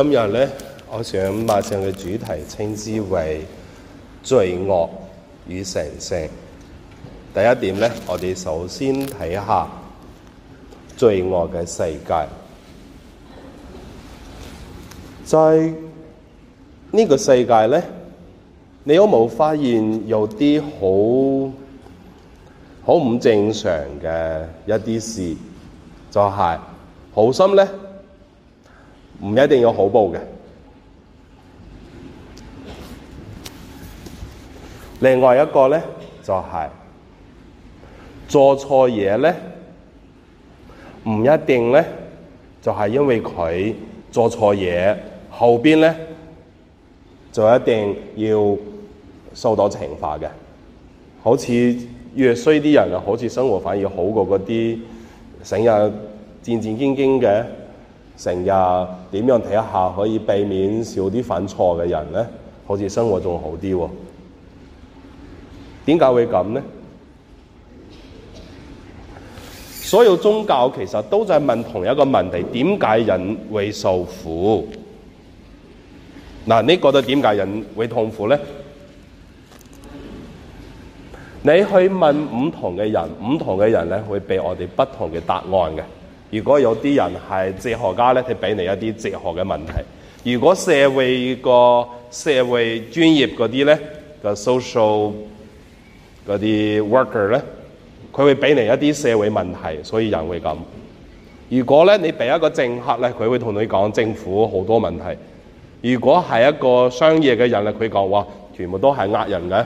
今日呢，我想把上嘅主題稱之為罪惡與神聖。第一點呢，我哋首先睇下罪惡嘅世界。在、就、呢、是這個世界呢，你有冇有發現有啲好好唔正常嘅一啲事？就係好心呢。唔一定要好報嘅。另外一個呢，就係、是、做錯嘢呢，唔一定呢，就係、是、因為佢做錯嘢，後邊呢，就一定要受到懲罰嘅。好似越衰啲人，好似生活反而好過嗰啲成日戰戰兢兢嘅。成日點樣睇一下可以避免少啲犯錯嘅人咧？好似生活仲好啲喎、哦，點解會咁咧？所有宗教其實都在問同一個問題：點解人會受苦？嗱，你覺得點解人會痛苦咧？你去問唔同嘅人，唔同嘅人咧會畀我哋不同嘅答案嘅。如果有啲人係哲學家咧，佢畀你一啲哲學嘅問題；如果社會個社會專業嗰啲咧，個 social 嗰啲 worker 咧，佢會畀你一啲社會問題，所以人會咁。如果咧你俾一個政客咧，佢會同你講政府好多問題；如果係一個商業嘅人咧，佢講哇，全部都係呃人嘅。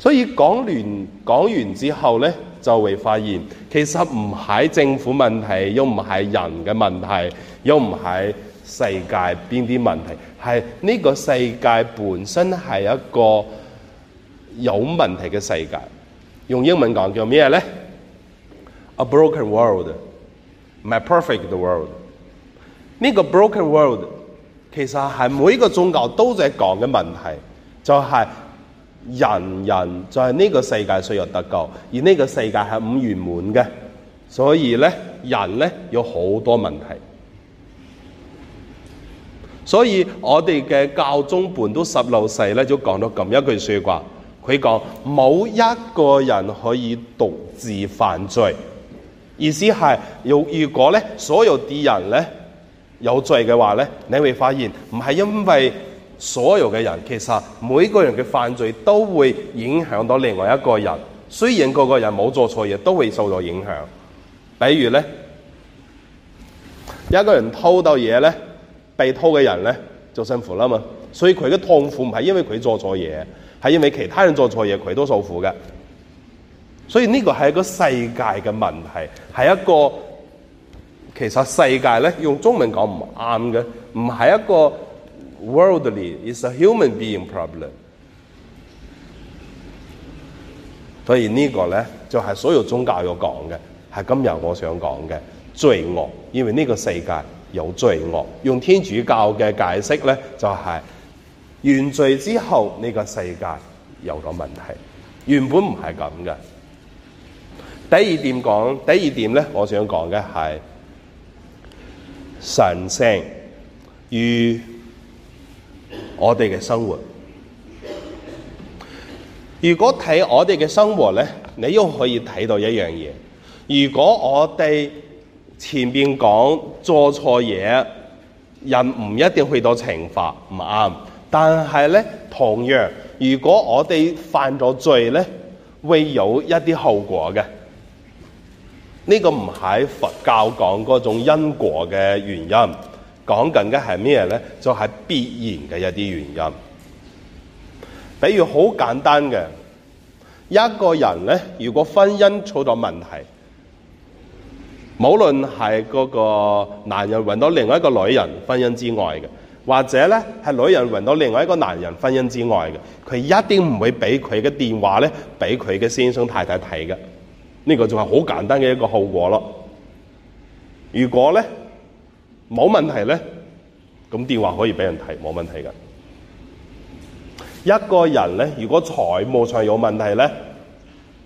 所以講完講完之後咧，就會發現，其實唔係政府問題，又唔係人嘅問題，又唔係世界邊啲問題，係呢個世界本身係一個有問題嘅世界。用英文講叫咩咧？A broken world, my perfect world。呢個 broken world 其實係每一個宗教都在講嘅問題，就係、是。人人就係呢個世界需要得救，而呢個世界係唔圓滿嘅，所以呢，人呢有好多問題。所以我哋嘅教宗本篤十六世呢，就講到咁一句說話，佢講，冇一個人可以獨自犯罪，意思係如果呢所有啲人呢有罪嘅話呢，你會發現唔係因為。所有嘅人，其實每個人嘅犯罪都會影響到另外一個人。雖然個個人冇做錯嘢，都會受到影響。比如咧，有一個人偷到嘢咧，被偷嘅人咧就辛苦啦嘛。所以佢嘅痛苦唔係因為佢做錯嘢，係因為其他人做錯嘢，佢都受苦嘅。所以呢個係一個世界嘅問題，係一個，其實世界咧，用中文講唔啱嘅，唔係一個。Worldly is a human being problem。所以呢個呢，就係、是、所有宗教要講嘅，係今日我想講嘅罪惡，因為呢個世界有罪惡。用天主教嘅解釋呢，就係、是、原罪之後呢、這個世界有咗問題，原本唔係咁嘅。第二點講，第二點呢，我想講嘅係神聖與。我哋嘅生活，如果睇我哋嘅生活咧，你又可以睇到一樣嘢。如果我哋前邊講做錯嘢，人唔一定去到懲罰，唔啱。但係咧，同樣如果我哋犯咗罪咧，會有一啲後果嘅。呢個唔係佛教講嗰種因果嘅原因。講緊嘅係咩咧？就係、是、必然嘅一啲原因，比如好簡單嘅，一個人咧，如果婚姻出咗問題，無論係嗰個男人揾到另外一個女人婚姻之外嘅，或者咧係女人揾到另外一個男人婚姻之外嘅，佢一定唔會俾佢嘅電話咧，俾佢嘅先生太太睇嘅。呢、這個就係好簡單嘅一個後果咯。如果咧？冇問題咧，咁電話可以俾人睇冇問題嘅。一個人咧，如果財務上有問題咧，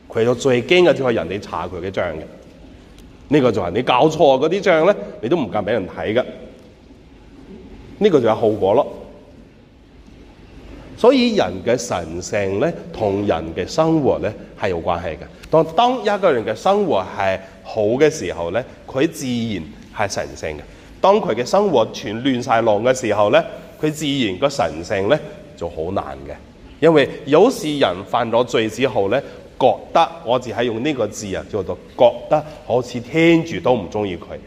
佢就最驚嘅就係人哋查佢嘅帳嘅。呢個就係你搞錯嗰啲帳咧，你都唔敢俾人睇嘅。呢個就有後果咯。所以人嘅神聖咧，同人嘅生活咧係有關係嘅。當當一個人嘅生活係好嘅時候咧，佢自然係神聖嘅。當佢嘅生活全亂晒浪嘅時候咧，佢自然個神性咧就好難嘅，因為有時人犯咗罪之後咧，覺得我只係用呢個字啊叫做覺得，好似天主都唔中意佢，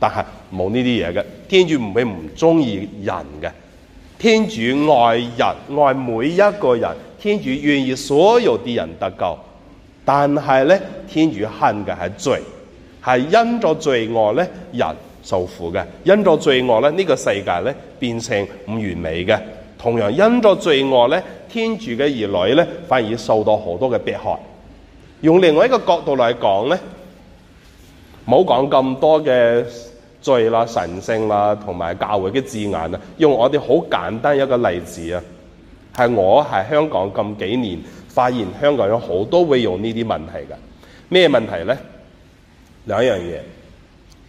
但係冇呢啲嘢嘅，天主唔會唔中意人嘅，天主愛人，愛每一個人，天主願意所有啲人得救，但係咧，天主恨嘅係罪，係因咗罪惡咧人，受苦嘅，因咗罪惡咧，呢個世界咧變成唔完美嘅。同樣因咗罪惡咧，天主嘅兒女咧反而受到好多嘅迫害。用另外一個角度嚟講咧，冇講咁多嘅罪啦、神聖啦，同埋教會嘅字眼啊，用我哋好簡單一個例子啊，係我喺香港咁幾年，發現香港有好多會用呢啲問題嘅。咩問題咧？兩樣嘢，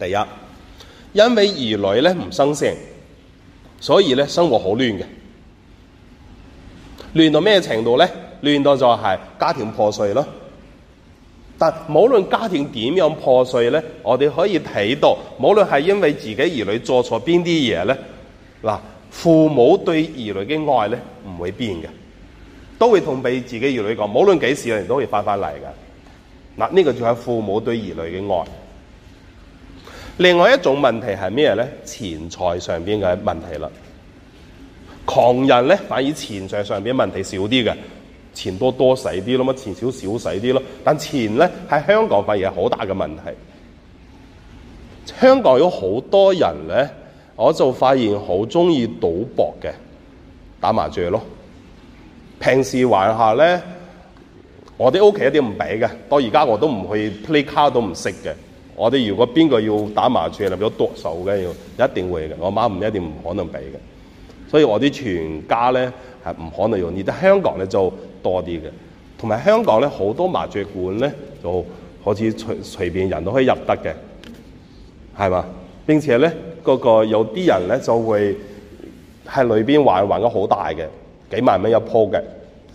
第一。因為兒女咧唔生性，所以咧生活好亂的，亂到什麼程度呢？亂到就是家庭破碎咯。但無論家庭怎樣破碎呢，我們可以看到，無論是因為自己兒女做錯邊啲事咧，嗱，父母對兒女的愛咧唔會變的，都會同自己兒女講，無論幾時年都會翻翻嚟嘅。嗱，呢個就係父母對兒女的愛。另外一種問題係咩呢？錢財上面嘅問題啦。窮人呢，反而錢財上面的問題少啲嘅，錢多多使啲咯，乜錢少少使啲咯。但錢呢，喺香港反而係好大嘅問題。香港有好多人呢，我就發現好中意賭博嘅，打麻雀咯。平時玩下呢，我啲屋企一啲唔畀嘅，到而家我都唔去 play card 都唔識嘅。我哋如果邊個要打麻雀啦，要剁手嘅要，一定會嘅。我媽唔一定唔可能俾嘅，所以我啲全家咧係唔可能用。而得香港咧就多啲嘅，同埋香港咧好多麻雀館咧就好似隨隨便人都可以入得嘅，係嘛？並且咧嗰個有啲人咧就會喺裏邊玩玩得好大嘅，幾萬蚊一鋪嘅。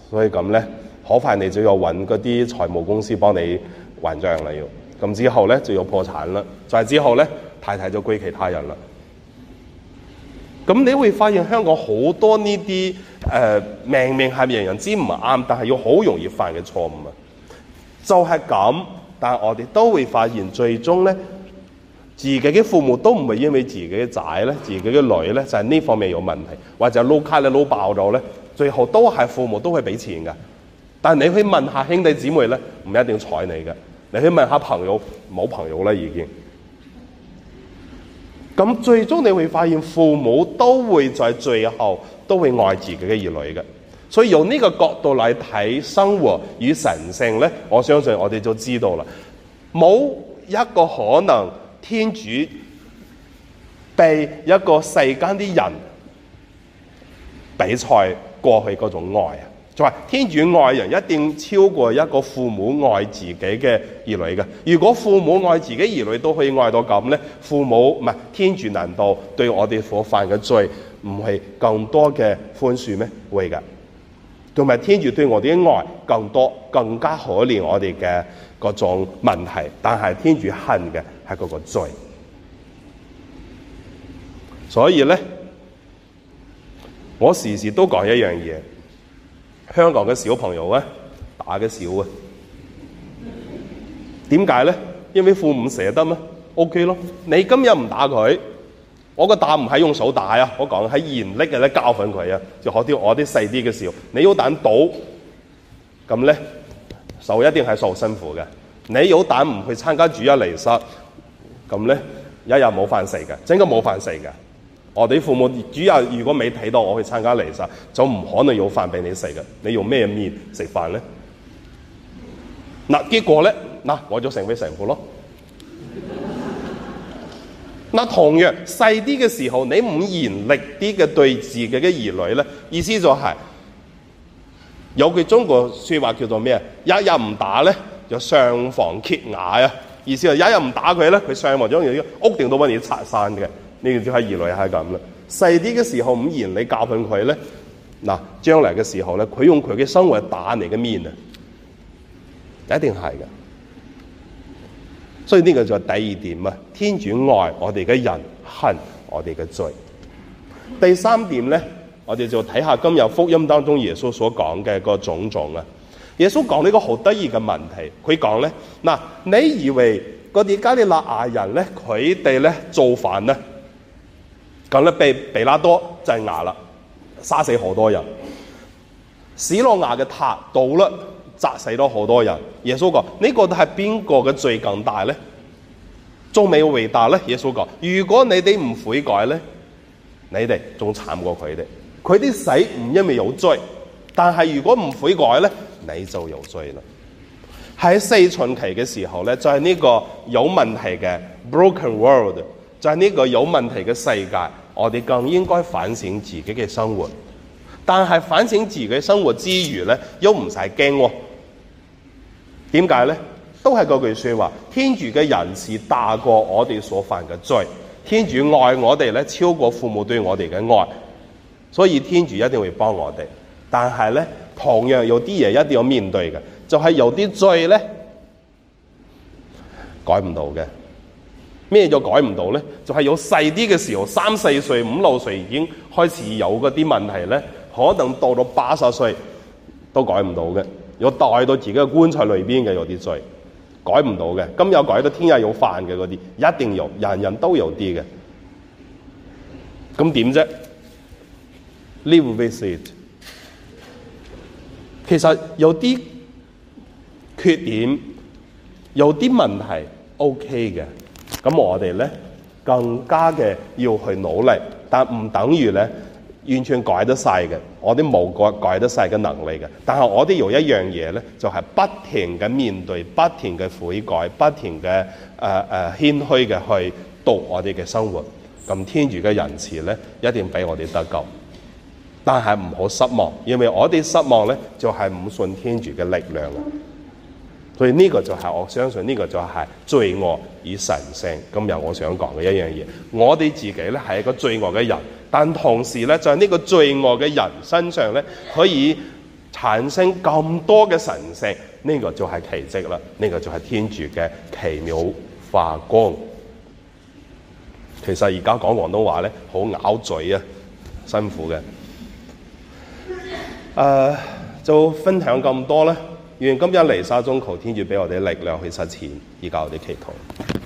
所以咁咧，好快你就要搵嗰啲財務公司幫你還帳啦要。咁之後咧就要破產啦，再之後咧太太就歸其他人啦。咁你會發現香港好多呢啲誒明明係人人知唔啱，但係要好容易犯嘅錯誤啊！就係、是、咁，但係我哋都會發現最終咧，自己嘅父母都唔係因為自己嘅仔咧、自己嘅女咧，就係、是、呢方面有問題，或者撈卡你撈爆咗咧，最後都係父母都會俾錢嘅。但係你去問下兄弟姊妹咧，唔一定睬你嘅。你去問下朋友，冇朋友啦，已經。咁最終你會發現，父母都會在最後都會愛自己嘅兒女嘅，所以用呢個角度嚟睇生活與神聖呢，我相信我哋就知道啦。沒冇一個可能，天主被一個世間啲人比賽過去嗰種愛啊！就係天主愛人一定超過一個父母愛自己嘅兒女嘅。如果父母愛自己兒女都可以愛到咁咧，父母唔係天主，難道對我哋所犯嘅罪唔係更多嘅寬恕咩？會噶，同埋天主對我哋嘅愛更多，更加可憐我哋嘅各種問題。但係天主恨嘅係嗰個罪。所以咧，我時時都講一樣嘢。香港嘅小朋友咧，打嘅少啊。點解呢？因為父母捨得咩？OK 囉。你今日唔打佢，我嘅打唔係用手打啊。我講係嚴厲嘅咧教訓佢啊。就好似我啲細啲嘅時候，你有膽賭，咁呢，手一定係受辛苦嘅。你有膽唔去參加主日禮實，咁呢，一日冇飯食嘅，整個冇飯食嘅。我哋父母主要如果未睇到我去參加彌撒，就唔可能有飯俾你食嘅。你用咩面食飯咧？嗱、啊，結果咧，嗱、啊，我就成為神父咯。嗱、啊，同樣細啲嘅時候，你唔嚴厲啲嘅對自己嘅啲兒女咧，意思就係、是、有句中國說話叫做咩啊？一日唔打咧，就上房揭瓦啊！意思係一日唔打佢咧，佢上房將條屋頂都幫你拆散嘅。呢你只係兒女係咁啦，細啲嘅時候唔嚴，五言你教訓佢咧，嗱，將嚟嘅時候咧，佢用佢嘅生活打你嘅面啊，一定係嘅。所以呢個就第二點啊，天主愛我哋嘅人，恨我哋嘅罪。第三點咧，我哋就睇下今日福音當中耶穌所講嘅個種種啊。耶穌講呢個好得意嘅問題，佢講咧嗱，你以為個啲加里肋亞人咧，佢哋咧造反啊？咁咧，被比拉多就係牙啦，殺死好多人；史羅亞嘅塔倒啦，砸死咗好多人。耶穌講：呢個都係邊個嘅罪更大咧？仲未回答：「咧？耶穌講：如果你哋唔悔改咧，你哋仲慘過佢哋。佢啲死唔因為有罪，但係如果唔悔改咧，你就有罪啦。喺四旬期嘅時候咧，就係、是、呢個有問題嘅 broken world，就係呢個有問題嘅世界。我哋更應該反省自己嘅生活，但係反省自己嘅生活之餘咧，又唔使驚。點解咧？都係嗰句說話：天主嘅仁慈大過我哋所犯嘅罪，天主愛我哋咧超過父母對我哋嘅愛，所以天主一定會幫我哋。但係咧，同樣有啲嘢一定要面對嘅，就係有啲罪咧改唔到嘅。咩叫改唔到咧？就係、是、有細啲嘅時候，三四歲、五六歲已經開始有嗰啲問題咧，可能到到八十歲都改唔到嘅。要帶到自己嘅棺材裏邊嘅有啲罪，改唔到嘅。今日改到，聽日又犯嘅嗰啲，一定有，人人都有啲嘅。咁點啫？Live with it。其實有啲缺點，有啲問題，OK 嘅。咁我哋咧更加嘅要去努力，但唔等於咧完全改得晒嘅，我哋冇改改得晒嘅能力嘅。但係我哋有一樣嘢咧，就係不停嘅面對，不停嘅悔改，不停嘅誒誒謙虛嘅去度我哋嘅生活，咁天主嘅仁慈咧，一定俾我哋得救。但係唔好失望，因為我哋失望咧就係唔信天主嘅力量。所以呢個就係、是、我相信，呢個就係罪惡與神聖。今日我想講嘅一樣嘢，我哋自己呢是係一個罪惡嘅人，但同時在呢、就是、這個罪惡嘅人身上呢，可以產生咁多嘅神聖，呢、這個就係奇蹟了呢、這個就係天主嘅奇妙發光。其實而家講廣東話呢，好咬嘴啊，辛苦嘅。Uh, 就分享咁多呢。願今日彌撒中求天主俾我哋力量去實踐，而家我哋祈禱。